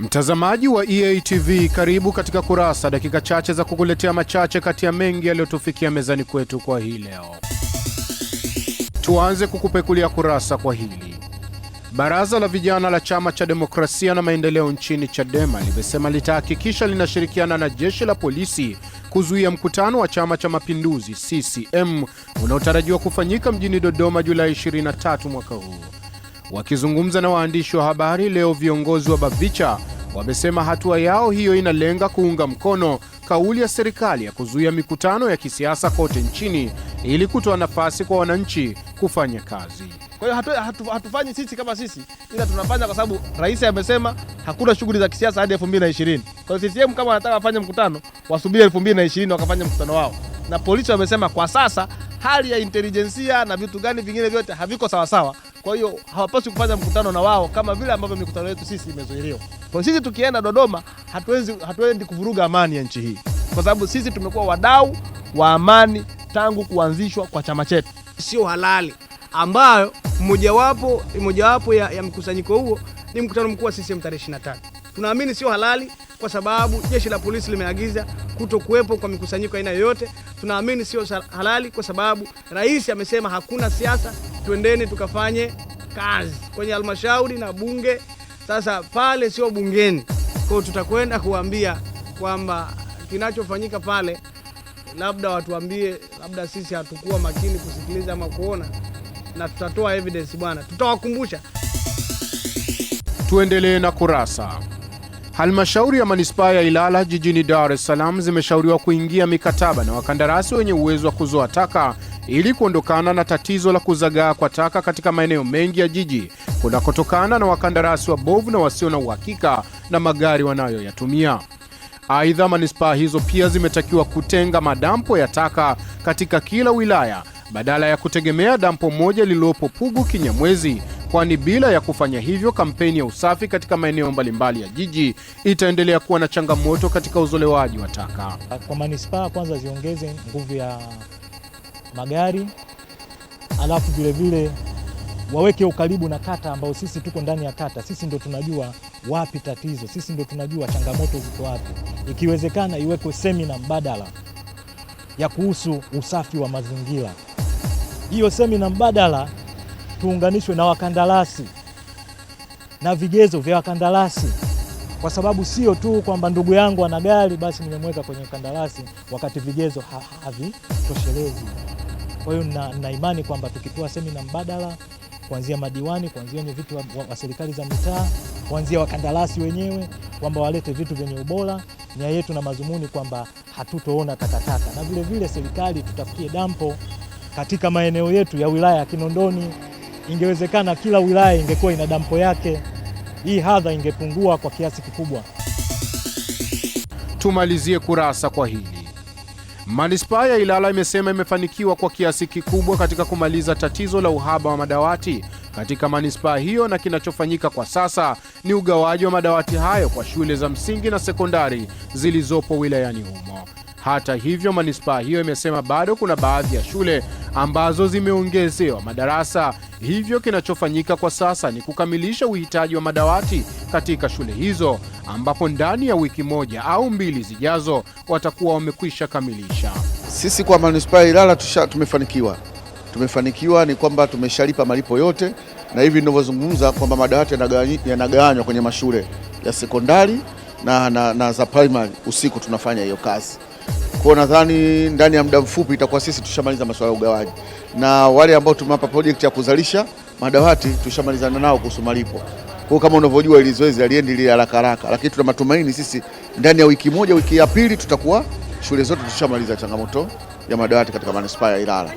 Mtazamaji wa EA TV, karibu katika Kurasa, dakika chache za kukuletea machache kati ya mengi yaliyotufikia mezani kwetu kwa hii leo. Tuanze kukupekulia kurasa kwa hili. Baraza la vijana la chama cha demokrasia na maendeleo nchini Chadema limesema litahakikisha linashirikiana na jeshi la polisi kuzuia mkutano wa chama cha mapinduzi CCM unaotarajiwa kufanyika mjini Dodoma Julai 23 mwaka huu. Wakizungumza na waandishi wa habari leo, viongozi wa BAVICHA wamesema hatua yao hiyo inalenga kuunga mkono kauli ya serikali ya kuzuia mikutano ya kisiasa kote nchini ili kutoa nafasi kwa wananchi kufanya kazi. Kwa hiyo hatu, hatu, hatufanyi sisi kama sisi, ila tunafanya kwa sababu rais amesema hakuna shughuli za kisiasa hadi 2020. Kwa hiyo CCM kama wanataka wafanye mkutano wasubiri ishirini wakafanya mkutano wao, na polisi wamesema kwa sasa hali ya intelijensia na vitu gani vingine vyote haviko sawasawa sawa. Kwa hiyo hawapaswi kufanya mkutano na wao kama vile ambavyo mikutano yetu sisi imezuiliwa. Kwa sisi tukienda Dodoma hatuwezi, hatuendi kuvuruga amani ya nchi hii, kwa sababu sisi tumekuwa wadau wa amani tangu kuanzishwa kwa chama chetu. Sio halali ambayo mojawapo mojawapo ya, ya mkusanyiko huo ni mkutano mkuu wa CCM tarehe 25. Tunaamini sio halali kwa sababu jeshi la polisi limeagiza kuto kuwepo kwa mikusanyiko aina yoyote. Tunaamini sio halali kwa sababu rais amesema hakuna siasa twendeni tukafanye kazi kwenye halmashauri na bunge. Sasa pale sio bungeni, kwa tutakwenda kuambia kwamba kinachofanyika pale, labda watuambie, labda sisi hatukuwa makini kusikiliza ama kuona, na tutatoa evidence bwana, tutawakumbusha. Tuendelee na Kurasa. Halmashauri ya manispaa ya Ilala jijini Dar es Salaam zimeshauriwa kuingia mikataba na wakandarasi wenye uwezo wa kuzoa taka ili kuondokana na tatizo la kuzagaa kwa taka katika maeneo mengi ya jiji kunakotokana na wakandarasi wabovu na wasio na uhakika na magari wanayoyatumia. Aidha, manispaa hizo pia zimetakiwa kutenga madampo ya taka katika kila wilaya badala ya kutegemea dampo moja lililopo Pugu Kinyamwezi, kwani bila ya kufanya hivyo kampeni ya usafi katika maeneo mbalimbali ya jiji itaendelea kuwa na changamoto katika uzolewaji wa taka. Kwa manispaa kwanza ziongeze nguvu ya magari, alafu vilevile waweke ukaribu na kata, ambao sisi tuko ndani ya kata, sisi ndo tunajua wapi tatizo, sisi ndo tunajua changamoto ziko wapi. Ikiwezekana iwekwe semina mbadala ya kuhusu usafi wa mazingira. Hiyo semina mbadala tuunganishwe na wakandarasi na vigezo vya wakandarasi, kwa sababu sio tu kwamba ndugu yangu ana gari basi nimemweka kwenye kandarasi, wakati vigezo havitoshelezi. Kwa hiyo na, na imani kwamba tukitoa semina mbadala kuanzia madiwani, kuanzia wenye vitu wa, wa, wa serikali za mitaa, kuanzia wakandarasi wenyewe kwamba walete vitu vyenye ubora. Nia yetu na madhumuni kwamba hatutoona takataka, na vilevile serikali tutafikie dampo katika maeneo yetu ya wilaya ya Kinondoni. Ingewezekana kila wilaya ingekuwa ina dampo yake, hii hadha ingepungua kwa kiasi kikubwa. Tumalizie kurasa kwa hili. Manispaa ya Ilala imesema imefanikiwa kwa kiasi kikubwa katika kumaliza tatizo la uhaba wa madawati katika manispaa hiyo, na kinachofanyika kwa sasa ni ugawaji wa madawati hayo kwa shule za msingi na sekondari zilizopo wilayani humo. Hata hivyo, manispaa hiyo imesema bado kuna baadhi ya shule ambazo zimeongezewa madarasa, hivyo kinachofanyika kwa sasa ni kukamilisha uhitaji wa madawati katika shule hizo ambapo ndani ya wiki moja au mbili zijazo watakuwa wamekwisha kamilisha. Sisi kwa manispaa ya Ilala tusha, tumefanikiwa tumefanikiwa ni kwamba tumeshalipa malipo yote, na hivi ninavyozungumza kwamba madawati yanagawanywa kwenye mashule ya sekondari na, na, na za primary. Usiku tunafanya hiyo kazi kwao, nadhani ndani ya muda mfupi itakuwa sisi tushamaliza masuala ya ugawaji, na wale ambao tumewapa project ya kuzalisha madawati tushamalizana nao kuhusu malipo. Kwa kama unavyojua ile zoezi aliendi ile haraka haraka, lakini tuna matumaini sisi ndani ya wiki moja, wiki ya pili tutakuwa shule zote tushamaliza changamoto ya madawati katika manispaa ya Ilala.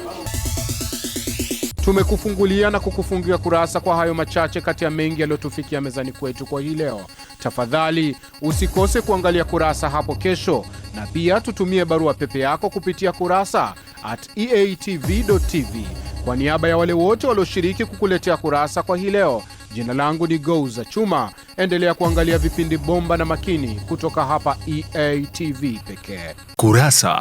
Tumekufungulia na kukufungia kurasa kwa hayo machache kati ya mengi yaliyotufikia mezani kwetu kwa hii leo. Tafadhali usikose kuangalia kurasa hapo kesho, na pia tutumie barua pepe yako kupitia kurasa at eatv.tv. Kwa niaba ya wale wote walioshiriki kukuletea kurasa kwa hii leo Jina langu ni goza Chuma. Endelea kuangalia vipindi bomba na makini kutoka hapa EATV pekee. Kurasa